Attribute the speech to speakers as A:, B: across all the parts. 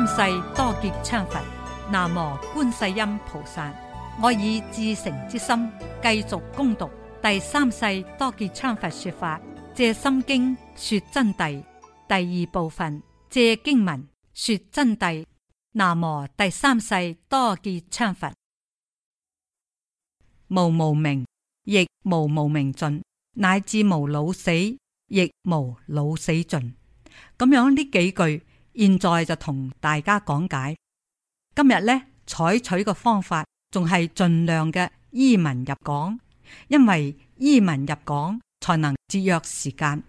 A: 三世多杰羌佛，南無觀世音菩薩。我以至誠之心，繼續恭讀第三世多杰羌佛說法《借心經》說真諦第二部分《借經文說真諦》，南無第三世多杰羌佛。無無明，亦無無明盡，乃至無老死，亦無老死盡。咁樣呢幾句。現在就同大家講解，今日呢採取個方法，仲係盡量嘅依文入講，因為依文入講才能節約時間。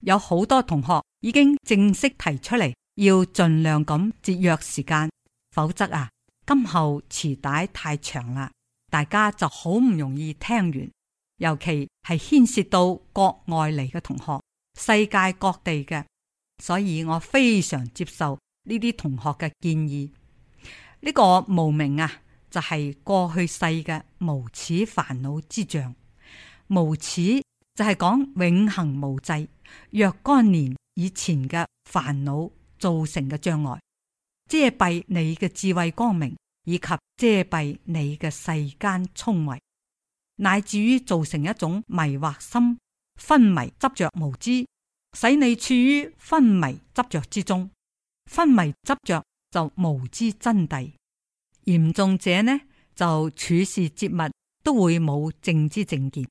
A: 有好多同學已經正式提出嚟，要盡量咁節約時間，否則啊，今後磁帶太長啦，大家就好唔容易聽完，尤其係牽涉到國外嚟嘅同學，世界各地嘅。所以我非常接受呢啲同學嘅建議。呢、這個無明啊，就係、是、過去世嘅無始煩惱之象。無始就係講永恒無際、若干年以前嘅煩惱造成嘅障礙，遮蔽你嘅智慧光明，以及遮蔽你嘅世間聰慧，乃至於造成一種迷惑心、昏迷、執着、無知。使你處於昏迷執着之中，昏迷執着就無知真諦，嚴重者呢就處事接物都會冇正知正見，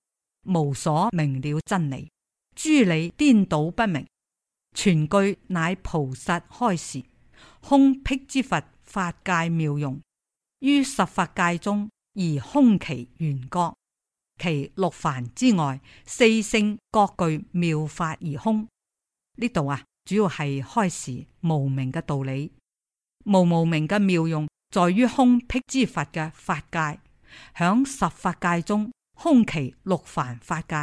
A: 無所明了真理，諸理顛倒不明。全句乃菩薩開示，空辟之佛法界妙用於十法界中，而空其圓覺。其六凡之外，四聖各具妙法而空。呢度啊，主要係開示無明嘅道理，無無明嘅妙用，在於空辟之法嘅法界。響十法界中，空其六凡法界。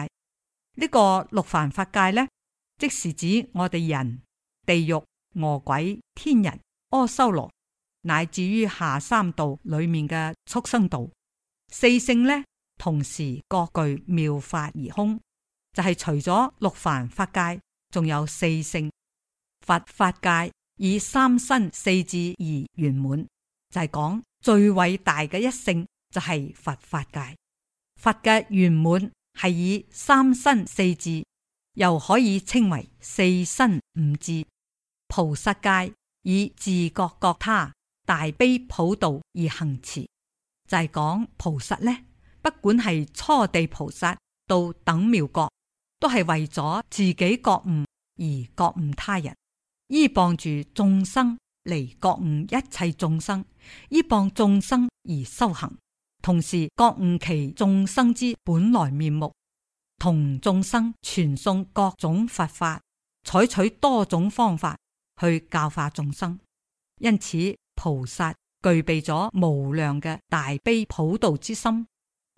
A: 呢個六凡法界呢，即是指我哋人、地獄、餓鬼、天人、阿修羅，乃至於下三道裏面嘅畜生道。四聖呢？同時各具妙法而空，就係、是、除咗六凡法界，仲有四聖，佛法界以三身四智而圓滿，就係、是、講最偉大嘅一聖就係佛法界。佛嘅圓滿係以三身四智，又可以稱為四身五智。菩薩界以自覺覺他、大悲普度而行持，就係、是、講菩薩呢。不管係初地菩薩到等妙國，都係為咗自己覺悟而覺悟他人，依傍住眾生嚟覺悟一切眾生，依傍眾生而修行，同時覺悟其眾生之本來面目，同眾生傳送各種佛法，採取多種方法去教化眾生。因此，菩薩具備咗無量嘅大悲普度之心。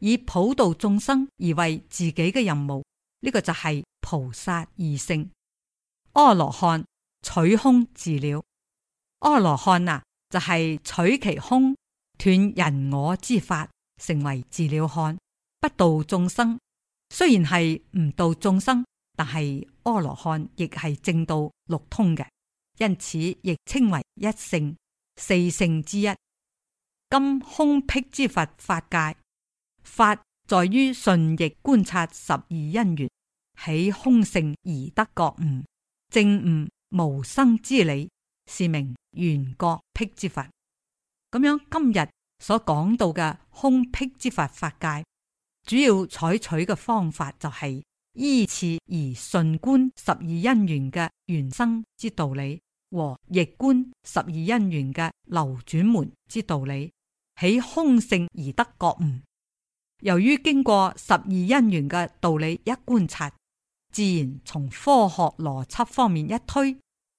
A: 以普渡眾生而為自己嘅任務，呢、這個就係菩薩二聖。阿羅漢取空自了，阿羅漢啊，就係、是、取其空斷人我之法，成為自了漢，不度眾生。雖然係唔度眾生，但係阿羅漢亦係正道六通嘅，因此亦稱為一聖四聖之一。今空辟之佛法界。法在於順逆觀察十二因緣，起空性而得覺悟，正悟無生之理，是名圓覺辟之法。咁樣今日所講到嘅空辟之法法界，主要採取嘅方法就係、是、依次而順觀十二因緣嘅原生之道理，和逆觀十二因緣嘅流轉門之道理，起空性而得覺悟。由於經過十二因緣嘅道理一觀察，自然從科學邏輯方面一推，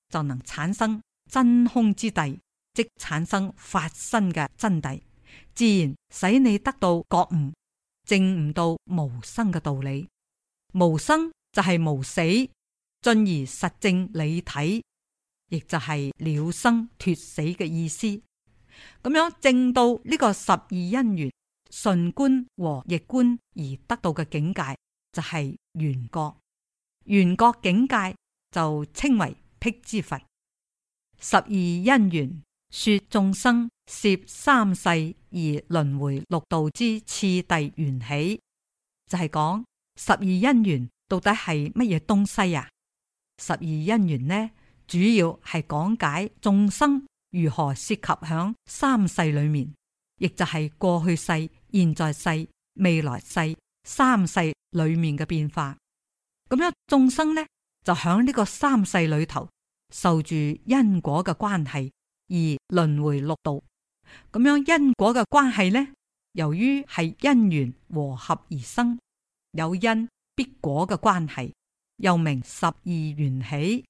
A: 就能產生真空之地，即產生發生嘅真諦，自然使你得到覺悟，證悟到無生嘅道理。無生就係無死，進而實證理體，亦就係了生脫死嘅意思。咁樣證到呢個十二因緣。純觀和逆觀而得到嘅境界就係圓覺，圓覺境界就稱為辟之佛。十二因緣說眾生涉三世而輪回六道之次第緣起，就係、是、講十二因緣到底係乜嘢東西啊？十二因緣呢，主要係講解眾生如何涉及響三世裏面。亦就係過去世、現在世、未來世三世裏面嘅變化，咁樣眾生呢就響呢個三世裏頭受住因果嘅關係而輪回六道。咁樣因果嘅關係呢，由於係因緣和合而生，有因必果嘅關係，又名十二緣起。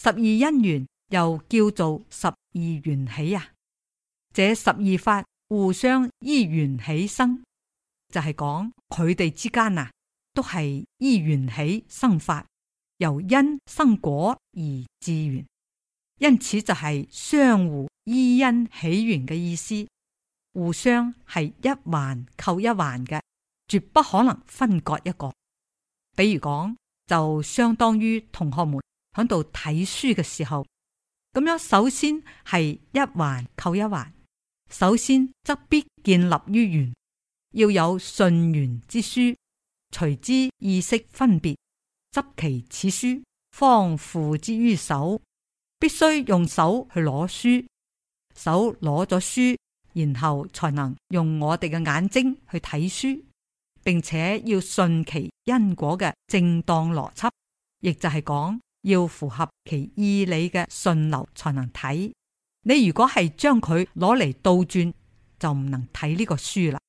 A: 十二因緣又叫做十二緣起啊，這十二法。互相依緣起生，就係講佢哋之間啊，都係依緣起生法，由因生果而自緣。因此就係相互依因起緣嘅意思。互相係一環扣一環嘅，絕不可能分割一個。比如講，就相當於同學們喺度睇書嘅時候，咁樣首先係一環扣一環。首先則必建立於緣，要有順緣之書，隨之意識分別，執其此書，方付之於手。必須用手去攞書，手攞咗書，然後才能用我哋嘅眼睛去睇書，並且要順其因果嘅正當邏輯，亦就係講，要符合其意理嘅順流才能睇。你如果係將佢攞嚟倒轉，就唔能睇呢個書啦，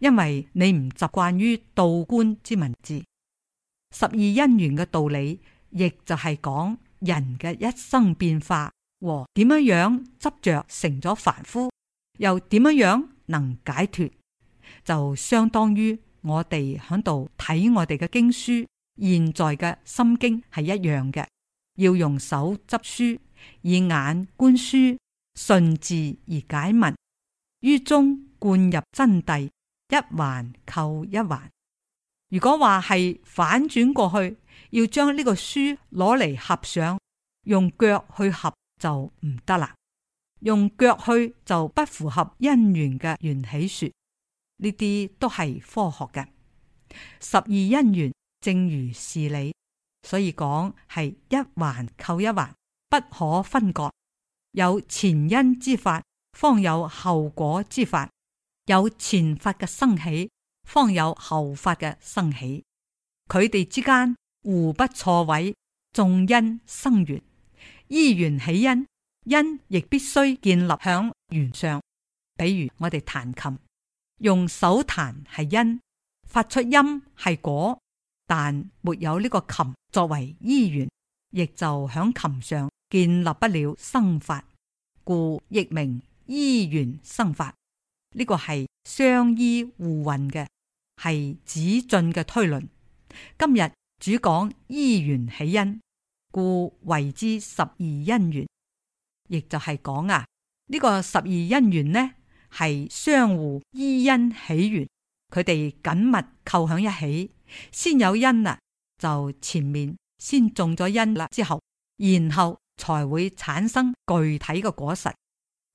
A: 因為你唔習慣於道觀之文字。十二因緣嘅道理，亦就係講人嘅一生變化和點樣樣執着成咗凡夫，又點樣樣能解脫，就相當於我哋響度睇我哋嘅經書，現在嘅心經係一樣嘅，要用手執書，以眼觀書。順字而解文，於中貫入真諦，一環扣一環。如果話係反轉過去，要將呢個書攞嚟合上，用腳去合就唔得啦。用腳去就不符合因緣嘅緣起說，呢啲都係科學嘅。十二因緣正如是理，所以講係一環扣一環，不可分割。有前因之法，方有後果之法；有前法嘅生起，方有後法嘅生起。佢哋之間互不錯位，眾因生緣，依緣起因，因亦必須建立響緣上。比如我哋彈琴，用手彈係因，發出音係果，但沒有呢個琴作為依緣，亦就響琴上建立不了生法。故亦名依緣生法，呢個係相依互運嘅，係子盡嘅推論。今日主講依緣起因，故為之十二因緣，亦就係講啊呢個十二因緣呢係相互依因起源，佢哋緊密扣響一起，先有因啊，就前面先種咗因啦，之後然後。才會產生具體嘅果實，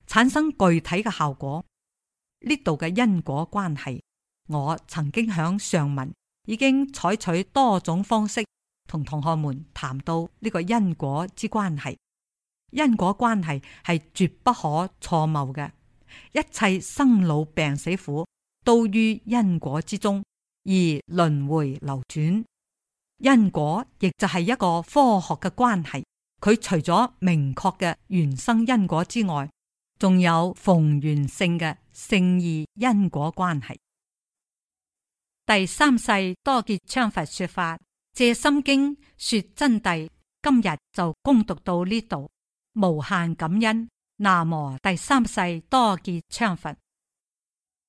A: 產生具體嘅效果。呢度嘅因果關係，我曾經響上文已經採取多種方式同同學們談到呢個因果之關係。因果關係係絕不可錯謬嘅，一切生老病死苦都於因果之中而輪迴流轉。因果亦就係一個科學嘅關係。佢除咗明確嘅原生因果之外，仲有逢緣性嘅聖意因果關係。第三世多杰羌佛說法，借心經說真諦。今日就恭誦到呢度，無限感恩。南無第三世多杰羌佛。